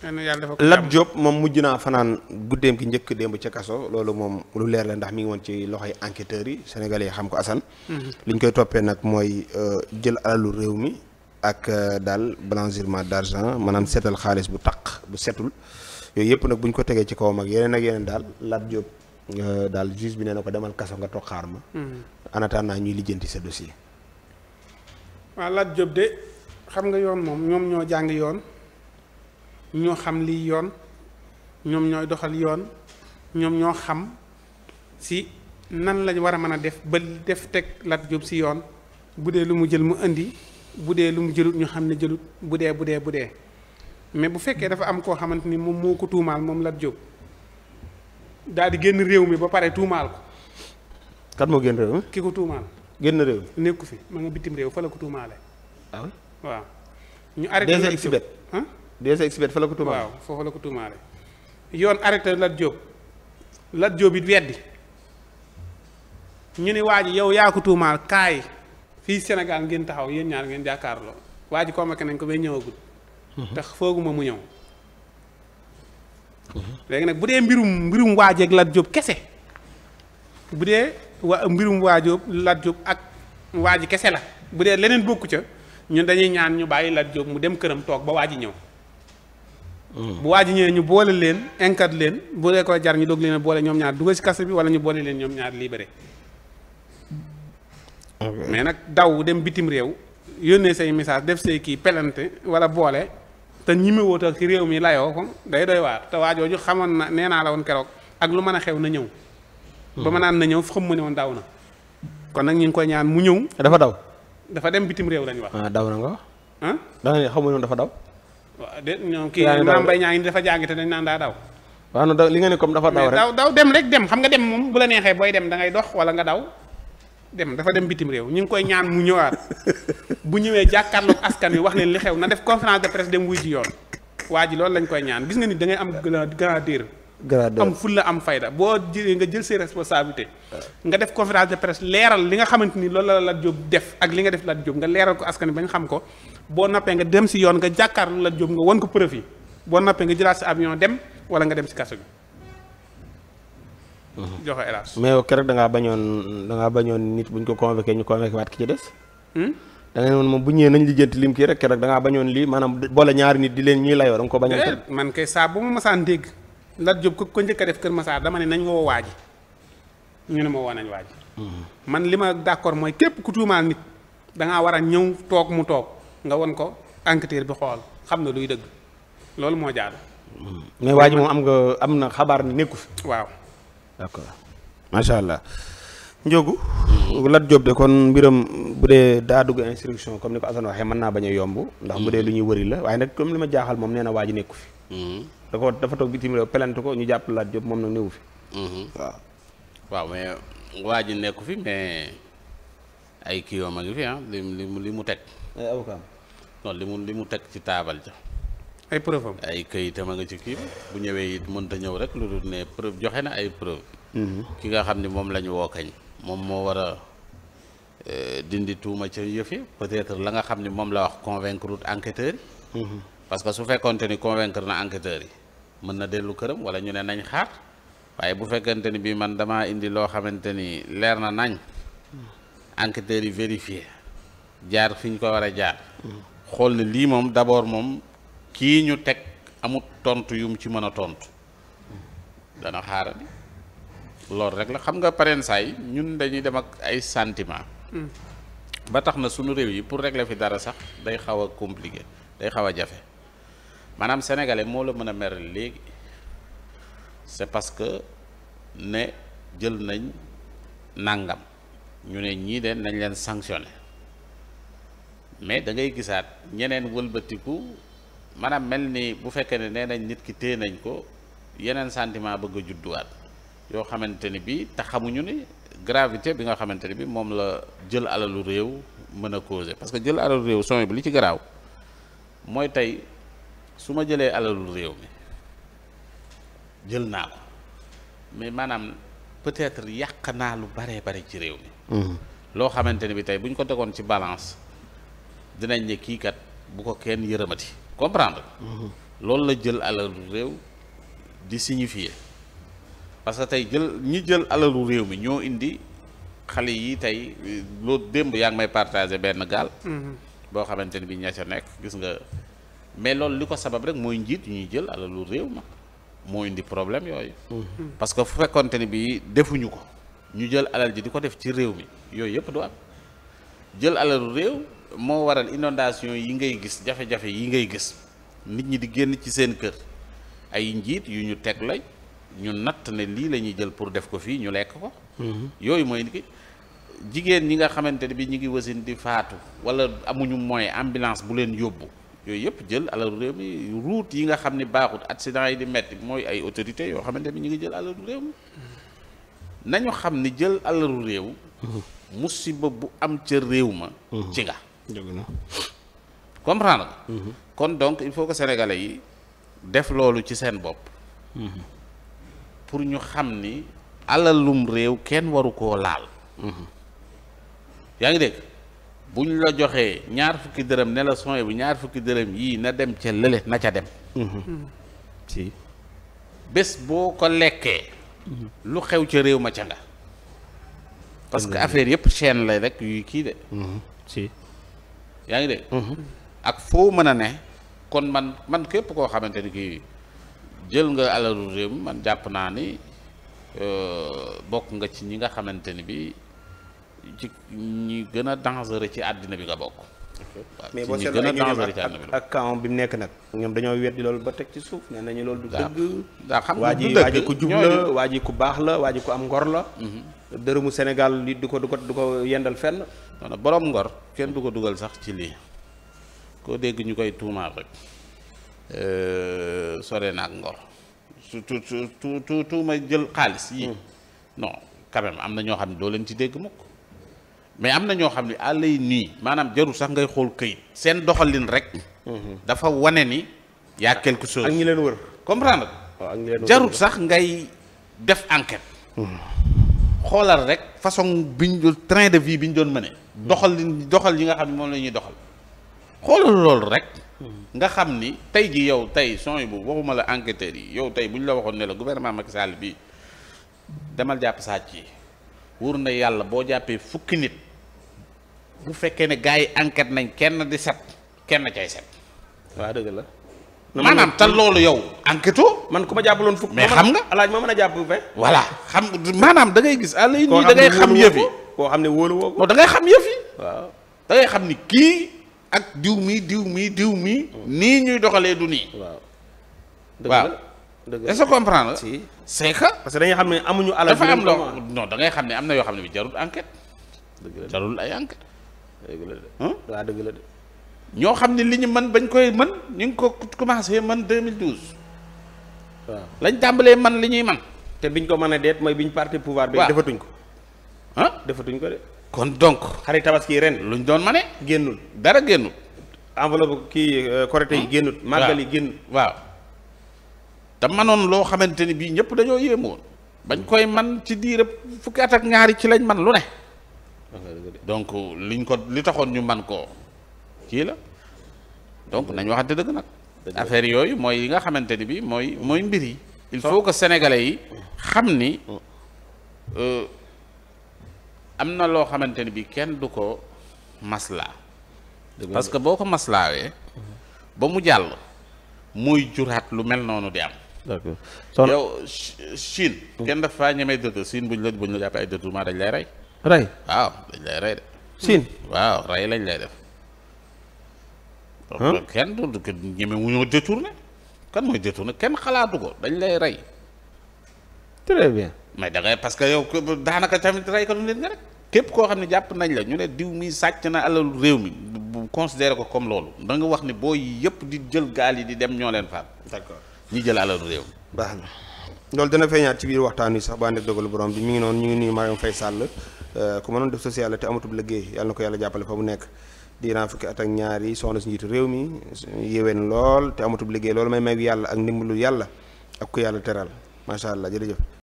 Lat Diop moom mujj naa fanaan guddeem ki njëkk démb ca kaso loolu moom lu leer la ndax mi ngi woon ci loxoy enquêteurs yi sénégalais yi xam ko Assane mhm. li ñu koy toppee nag mooy euh, jël alalu réew mi ak euh, daal blanchiment d'argent maanaam seetal xaalis bu taq bu setul yooyu yëpp nag buñ ko tegee ci kaw mag yeneen ak yeneen daal Lat Diop euh, daal juge bi nee na ko demal kaso nga toog xaar ma mhm. en attendant ñuy lijjanti sa dossier waaw Lat de xam nga yoon moom ñoom ñoo jàng yoon ñoo xam lii yoon ñoom ñooy doxal yoon ñoom ñoo xam si nan lañ war a mën a def ba def teg Lat Diop si yoon bu dee lu mu jël mu indi bu dee lu mu jëlut ñoo xam ne jëlut bu dee bu dee bu dee mais bu fekkee dafa am koo xamante ni moom moo ko tuumaal moom Lat Diop daal di génn réew mi ba pare tuumaal ko. kat moo génn réew mi. ki ko tuumaal. génn réew mi nekku fi ma nga bitim réew fa la ko tuumaale. waaw ah waaw. ñu arrêté Lat Diop des experts fa la ko waaw foofu la ko tuumaale yoon arrêté Lat Diop Lat Diop it weddi ñu ni waa ji yow yaa ko tuumaal kaay fii Sénégal ngeen taxaw yéen ñaar ngeen jàkkaarloo waa ji convoqué nañ ko bay ñëwagul. Mhm. tax fooguma mu ñëw. Mhm. léegi nag bu dee mbirum mbirum waajeeg Lat Diop kese bu dee wa mbirum waajob Lat ak waa kese la bu dee leneen bokku ca ñun dañuy ñaan ñu bàyyi Lat Diop mu dem këram toog ba waa ji ñëw. bu waa ji ñëwee ñu boole leen inkat leen bu dee ko jar ñu doog leen boole ñoom ñaar dugal si kaso bi wala ñu boole leen ñoom ñaar libéré mais nag daw dem bitim réew yónnee say message def say kii pelante wala boole te ñime woo ci réew mi layoo ko day doy waar te waa jooju xamoon na nee naa la woon keroog ak lu mën a xew na ñëw. ba ma hmm. naan na ñëw xam ma ne woon daw na. kon nag ñu ngi koy ñaan mu ñëw. dafa daw. dafa dem bitim réew lañu wax. ah daw na nga wax. da nga ne xam dafa daw. waaw de ñoom kii maam bay ñaa ngi dafa jàng te dañ naan daa daw waaw non li nga ne comme dafa daw dem rek dem xam nga dem moom bu la neexee booy dem da ngay dox wala nga daw dem dafa dem bitim réew ñu ngi koy ñaan mu ñëwaat bu ñëwee jàkkaarloog askan wi wax leen li xew na def conférence de presse dem wuy ji yoon waa ji loolu lañ koy ñaan gis nga ni da ngay am grandir am fulla am fayda boo jëlee nga jël see responsabilités nga def conférence de presse leeral li nga xamante ni loolu la Lat job def ak li nga def Lat Diop nga leeral ko askan ba nga xam ko boo noppee nga dem si yoon nga jàkkaarlu Lat Diop nga won ko preuve boo noppee nga jëlaat si avion dem wala nga dem si kaso bi mhm. joxe hélas mais yow keroog da ngaa bañoon da ngaa bañoon nit buñ ñu convoqué waat ki ci des hmm? da nga ne moom bu ñëwee nañ lijjanti lim kii rek keroog bañoon lii maanaam boole ñaari nit di leen ñuy layoo da ko bañoon eh, man kay saa bu ma masaan dégg Lat Diop ku ko njëkk def Kër Masaar dama nañ woo waa ji ñu ne nañ waa hmm. man li ma d'accord mooy képp ku tuumaal nit war a ñëw toog mu toog nga won ko enquêteur bi xool xam na luy dëgg loolu moo jaadu. Hmm. waa ji moom am nga am na xabaar ni nekku fi. waaw d'accord macha allah. Ndiogou Lat de kon mbiram bu dee daa dugg instruction comme ni ko Assane waxee mën naa bañ yomb ndax bu dee lu ñuy wëri la waaye nag comme li ma jaaxal moom nee na waa ji nekku fi. Hmm. da ko dafa toog bitim réew pelante ko ñu jàpp Lat Diop moom nag néewu fi. Mhm. waaw. waaw mais waa ji nekku fi mais ay kii yoo ma ngi fi ah li mu li mu teg. ay avocat non li li mu teg ci taabal ja. ay preuve ay këyitam a nga ci kii bu ñëwee it mënta ñëw rek lu dul ne preuve joxe na ay preuve mhm. ki nga xam ni moom la woo kañ moom moo war a euh, dindi tuuma ca yëf peut-être la nga xam ni moom la wax convaincre enquêteur yi mhm. parce que su fekkonte ni convaincre na enquêteurs yi mën na dellu këram wala ñu ne nañ xaar waaye bu fekkente ni bii man damaa indi loo xamante ni leer na nañ enquêteurs yi vérifié jaar fi ñu ko war a jaar xool ne lii moom d'abord moom kii ñu teg amut tontu yu mu ci mën a tontu dana xaarani loolu rek la xam nga saa saay ñun dañuy dem ak ay sentiment hmm. ba tax na sunu réew yi pour régler fi dara sax day xaw a compliqué day xaw a jafe maanaam sénégalais moo la mën a mer léegi c'est parce que ne jël nañ nàngam ñu ne ñii de nañ leen sanctionné mais da ngay gisaat ñeneen wëlbatiku maanaam mel ni bu fekkee ne nee nañ nit ki téye nañ ko yeneen sentiment bëgg a judduwaat yoo xamante ni bi te xamuñu ni gravité bi nga xamante ni bi moom la jël alalu réew mën a causer parce que jël alalu réew son bi li ci garaaw mooy tey su ma jëlee alalul réew mi jël naa ko mais maanaam peut-être yàq naa lu baree bari ci réew mi. Mm-hmm. loo xamante ne bi tey bu ñu ko tegoon ci balance dinañ ne kii kat bu ko kenn yërëmati comprendre. Mm-hmm. loolu la jël alalu réew di signifier parce que tey jël ñi jël alalu réew mi ñoo indi xale yi tey loolu démb yaa ngi may partagé benn gaal. Mm-hmm. boo xamante ne bi ña ca nekk gis nga. mais loolu li ko sabab rek mooy njiit ñuy jël alalu réew ma moo indi problème yooyu. Mhm. parce que fu fekkonte ni bii defuñu ko ñu jël alal ji di ko def ci réew mi yooyu yëpp du am jël alalu réew moo waral inondation yi ngay gis jafe-jafe yi ngay gis nit ñi di génn ci seen kër ay njiit yu ñu teg lañ ñu natt ne lii la ñuy jël pour def ko fii ñu lekk ko. Mhm. yooyu mooy ki jigéen ñi nga xamante ne bi ñu ngi wasin di faatu wala amuñu moyen ambulance bu leen yóbbu. yooyu yëpp jël alalu réew mi route yi nga xam ne baaxut accident yi di metti mooy ay autorités yoo xamante ni ñu ngi jël alalu réew xam ni jël alalu réew musiba bu am ca réew ma mhm. ci nga comprendre nga mhm. kon donc il faut que sénégalais yi def loolu ci seen bopp mhm. pour ñu xam ni alalum réew kenn waru koo laal yaa ngi dégg bu ñu la joxee ñaar fukki dërëm ne la son bu ñaar fukki dërëm yii na dem ca lële na ca dem si bés boo ko lekkee lu xew ca réew ma ca nga parce que affaire yëpp chaîne lay rek yuy kii de si yaa ngi dégg mhm. ak foo mën a ne kon man man képp koo xamante ni kii jël nga alalu réew mi man jàpp naa ni euh, bokk nga ci ñi nga xamante ni bi ci ñi gën a dangereux ci àddina bi nga bokk. mais boo seetloo ak ñoom ak camp bi mu nekk nag. ñoom dañoo weddi loolu ba teg ci suuf nee nañu loolu. du dëgg daa xam waa ji waa ji ku jub la ku baax la waa ji am ngor la. Mhm. dërëmu Sénégal li du ko du du ko yendal fenn. non ngor kenn du ko dugal sax ci lii koo dégg ñu koy tuumaal euh, na ak ngor surtout tu tu tuuma jël xaalis yi mm. non quand même am na ñoo xam ne doo leen ci dégg mukk mais am na ñoo xam ne à l'œil nu maanaam jarul sax ngay xool këyit seen doxalin rek. Mhm. dafa wane ni yaa quelque chose. ñi leen wër comprendre jarul sax ngay def enquête. Mhm. xoolal rek façon biñ train de vie bi ñu doon mëne doxal doxal yi nga xam ne moom la ñuy doxal xoolal loolu rek mhm. nga xam ni tey ji yow tey son yi bu waxuma la enquêteurs yi yow tey bu ñu la waxoon ne la gouvernement Macky sàll bi demal jàpp sàcc yi wóor na yàlla boo jàppee fukki nit bu fekkee ne gars yi enquête nañ kenn di set kenn cay set. waaw dëgg la. maanaam te loolu yow enquête man ku ma jàppaloon fukk. mais xam nga alaaj ma mën a jàpp ba. voilà xam maanaam da gis. àll yi da ngay xam yëf yi koo ne wóolu woo da ngay xam yëf yi. waaw da xam ni kii ak diw mii diw mii diw mii. Mm. nii ñuy doxalee du nii. waaw dëgg que comprendre si c'est que. parce que dañuy xam ne dafa am loo non da ngay xam ne am na yoo xam ne bi jarul enquête. dëgg la jarul ay enquête. dëgg la de ñoo xam ne li ñu mën koy mën ñu ngi ko commencé mën 2012. waaw lañ tàmbalee man li ñuy man te biñ ko mën a deet mooy biñ parti pouvoir bi defatuñ ko ah defatuñ ko kon donc xarit tabaski ren luñ doon mane génnul dara génnul enveloppe kii korité euh, yi génnut màggal yi génnut waaw te manoon loo xamante ni bii ñëpp dañoo yéemoon bañ koy man ci diire fukki at ak ñaari ci lañ man lu ne donc liñ ko li taxoon ñu man koo kii la donc nañ waxante dëgg nag affaire yooyu mooy yi nga xamante ni bi mooy mooy mbir yi il faut que sénégalais yi xam ni mm. euh, am na loo xamante ni bi kenn du ko maslaa parce que boo ko maslaawee ba mu jàll muy juraat lu mel noonu di am d'accord yow Chine kenn dafa ñemee dëdd Chine buñ la buñ la jàppee ay détournement dañ lay rey rey waaw dañ lay rey de. siin waaw rey lañ lay def. kenn du ko ñeme mu ñoo détourné kan mooy détourné kenn xalaatu ko dañ lay rey. très bien. mais da ngay parce que yow daanaka tamit rey ko du nit nga rek képp koo xam ne jàpp nañ la ñu ne diw mi sàcc na alalu réew mi bu considéré ko comme loolu da wax ni booy yëpp di jël gaal yi di dem ñoo leen faat. d'accord ñi jël alalu réew mi. baax na. loolu dana feeñaat ci biir waxtaan wi sax ba ànd ak dogalu borom bi mu ngi noonu ñu ngi nuyu Mariam Faye Sall eh, ku mënoon def social te amatub liggéey yàlla na ko yàlla jàppale fa mu nekk diiraan fukki at ak ñaar soxna si njiitu réew mi yéwén lool te amatub liggéey loolu may may yàlla ak ndimbalu yàlla ak ku yàlla teral macha allah jërëjëf